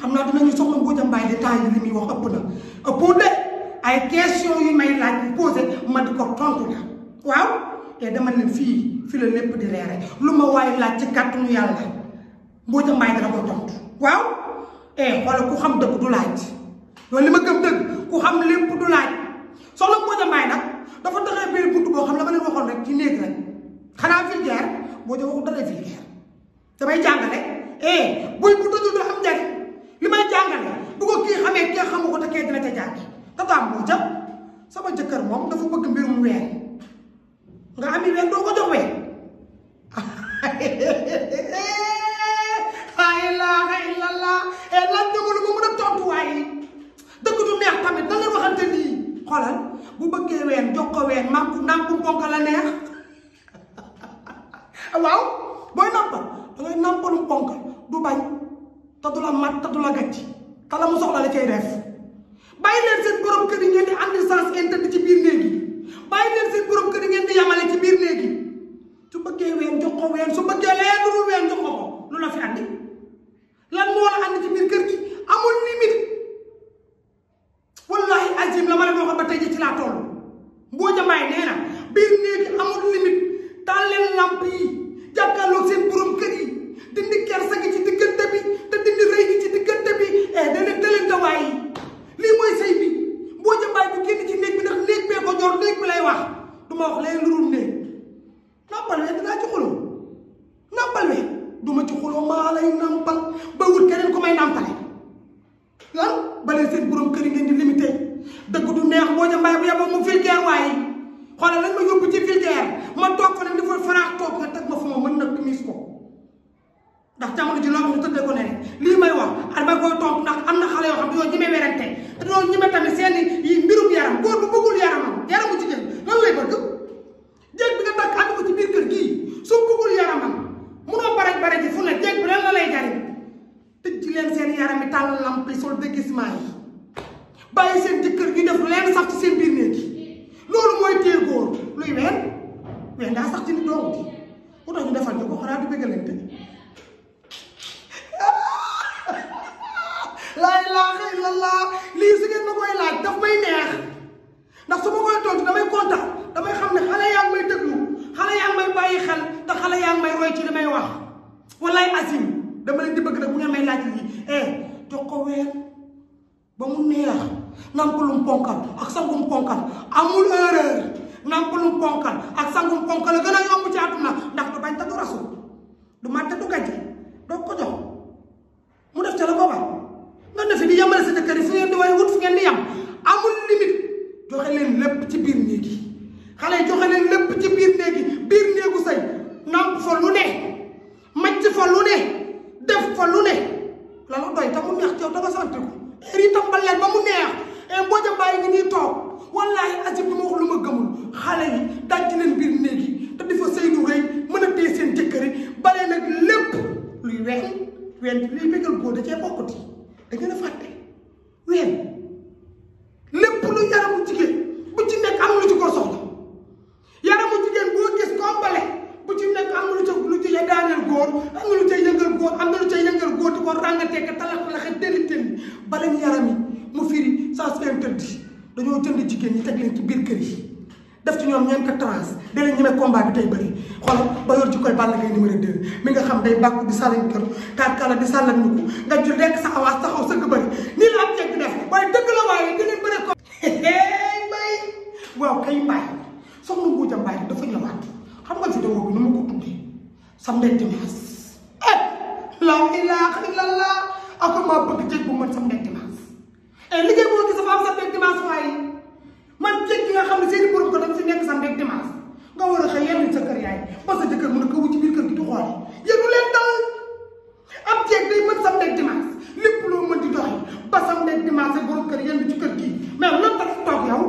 xam naa dinañu soxla a Mbaye détails yi li muy wax ëpp na ëpp de ay question yu may laaj yu posé ma di ko tontu la waaw te dama fii fii lu ma waaye laaj ci kàttanu yàlla Mbodia Mbaye dana ko tontu waaw eh xoolal ku xam dëgg du laaj loolu li ma gëm dëgg ku xam lépp du laaj soxla Mbodia Mbaye nag dafa taxee benn bunt boo xam la ma leen waxoon rek ci néeg rek xanaa vulgaire Mbodia waxu dara vulgaire damay jàngale eh buy bu tëjul du am li may jàngale bu ko kii xamee kii xamu ko te kee jàng tataam sama jëkkër moom dafa bëgg mbirum weer nga ami weer doo ko jox weer ay la laa et eh, lan lu ma a tontuwaay yi dëkk du neex tamit da ngay waxante nii bu bëggee weer jox ko weer nàmp nàmp bonk la neex waaw booy nàmpal da ngay du bañ. te du la mat te du la gàcc te la mu soxla la cay def bàyyi leen seen borom kër yi ngeen di andi sens interdit ci biir néeg yi maa lay nampal ba wut keneen ku may nampale lan balee seen borom kër yi di limité dëgg du neex boo ja mbaay bu yeboo mu waaye xoolal lañ ma yóbbu ci vulgaire ma toog fa nag di fa faraax toog nga teg ma fu ma mën nag miis ko ndax jamono ji loo ne ko lii may wax ak ma koy ndax am na xale yoo xam dañoo ñemee werante te dañoo ñemee tamit seen i mbirum yaram góor bu bëggul yaramam yaramu jigéen lan lay bëgg jéeg bi nga takk ànd ko ci biir kër gii su bëggul yaramam seen yaram yi tàll lamp gis sol déguisement yi bàyyi seen jëkkër ñu def leen sax ci seen biir néeg yi loolu mooy téye góor luy ween daa sax ci nit doomu ji ku tax defal ñu ko xanaa du bëggalante laa ilaaha illallah lii su ngeen ma koy laaj daf may neex ndax su ma koy tontu damay kontaan damay xam ne xale may déglu xale yaa may bàyyi xel te xale may roy ci may wax wallaay azim dama leen di bëgg nag bu ngeen may laaj yi eh jox ko weer ba mu neex nampalum ponkal ak sangum ponkal amul erreur nampalum ponkal ak sangum ponkal la gën a yomb ci àdduna ndax du bañ te du rasu du màtte du gàjje doo ko jox mu def ca la ko war nga ne fi di yemale sa jëkkër yi fu ngeen di way wut fu ngeen di yem amul limite joxe leen lépp ci biir néeg xale joxe leen lépp ci biir néeg yi biir néegu sëy namp fa lu ne macc fa lu ne fa lu ne la la doy te mu neex teew da nga sant ko heure yi tàmbali leen ba mu neex et boo ja bàyyi ngi ñuy toog wallaahi azim lu ma wax lu ma gëmul xale yi daj ci leen biir néeg te di fa sëy du rëy mën a téye seen jëkkëri balee nag lépp luy ween ween luy bégal góor da cee bokkuti da ngeen a fàtte ween lépp lu yaram def ci ñoom ñeent trans dina ñeme combat bi tey bëri xoolal ba yor ci koy Balla Gaye numéro 2 mi nga xam day bàkku di sàllañ kër kàrkala di sa awaas sa xaw sa nga bëri nii la am jekk def waaye dëgg la waaye dinañ bëri ko mbay waaw kay mbaay soxna Mbuuja Mbaay dafa bi nu ma ko tuddee eh, la ilaha illallah ako maa bëgg jéeg bu mën sam ndey dimanche eh, liggéey boo gis dafa am sam ndey dimanche waaye man ceeb ki nga xam ne seen i borom ko dafa si nekk samedi ak dimanche nga war a xëy yenn yaay parce que jëkkër mu ne ko wu ci biir kër gi du xool yéen leen dal am ceeb day mën samedi ak dimanche lépp loo mën di doxi ba samedi ak dimanche ak borom kër yenn ci kër gi mais lan tax toog yow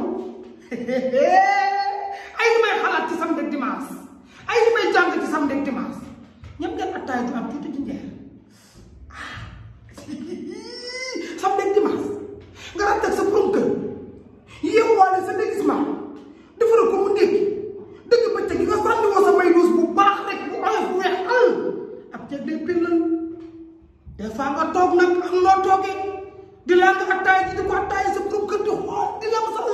ay li may xalaat ci samedi ak dimanche ay li may jàng ci samedi ak dimanche ñëpp ngeen attaay ju am tuuti des nga toog nag am noo toogee di laa nga attaay ji di ko attaay sa borom kër di xool di la sax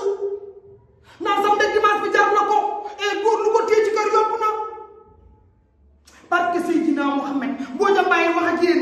ndax sam de dimanche bi jar na ko et eh, góor lu ko téye ci kër yomb na parce que Seydina Mouhamed boo ja bàyyi wax ak yéen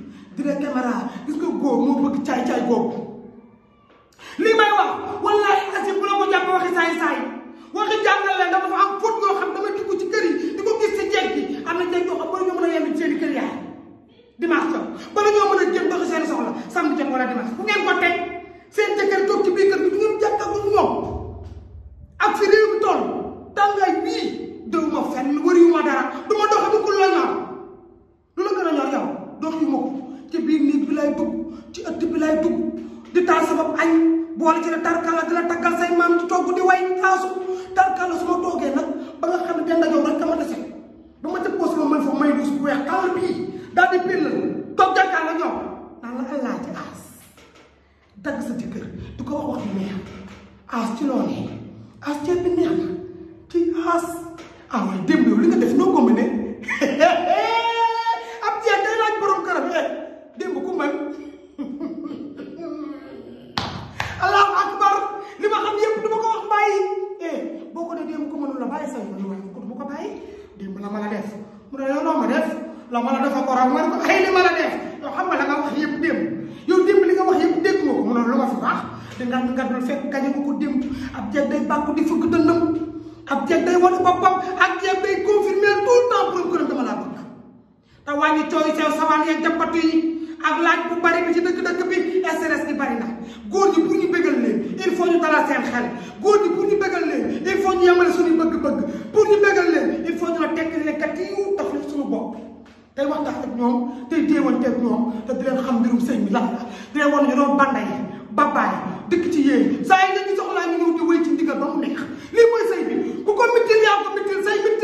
dina caméra gis nga góob moo bëgg caay-caay góob sa bopp añ boole ci la tarkala di la taggal say maam di togg di way taasu tarkala su ma toogee nag ba nga xam ne denda yow rek dama dese la toog jàkkaar la ñoom naan aas dagg sa jëkkër du wax wax aas ci loo aas ceeb bi neex na kii aas ah waaye démb yow nga def noo combiné bàyyi sa ma ne ko bu ko bàyyi démb la ma la def mu ne yow loo ma def la ma la def ak oram ma ne ko ay li ma la def yow xam nga la nga wax yëpp démb yow démb li nga wax yëpp dégg nga ko mu ne lu ma fi wax danga nga dul fekk gañe ko ko démb ab jeeg day bàkku di fukk dëndam ab jeeg day wane boppam ak jeeg day confirmé tout le temps pour gërëm dama laa bëgg te wàññi cooy sew sawaan yeeg jàppatu laaj bu bari bi ci dëkk-dëkk bi stress bi bari na góor ñi pour il faut ñu dalal seen xel góor ñi pour ñu bëggal leen il faut ñu yemale suñu bëgg-bëgg pour ñu bëggal leen il faut ñu la tekk leen kat yu tax leen bopp tey waxtaan ak tey déewante ak ñoom te di xam mbirum sëñ bi lan la di leen wan ñu doon banday babaay dëkk ci yéen saa yi leen ñu soxlaa ñu ñëw di wéy ci ndigal ba mu neex lii mooy sëy ku ko mittil yaa ko mittil say